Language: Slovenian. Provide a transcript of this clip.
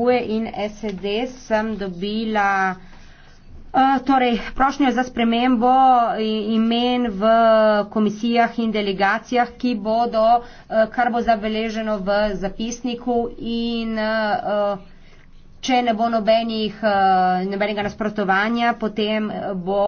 UE in SED sem dobila uh, torej, prošnjo za spremembo eh, imen v komisijah in delegacijah, ki bodo, uh, kar bo zabeleženo v zapisniku in uh, če ne bo nobenih, uh, nobenega nasprotovanja, potem bo.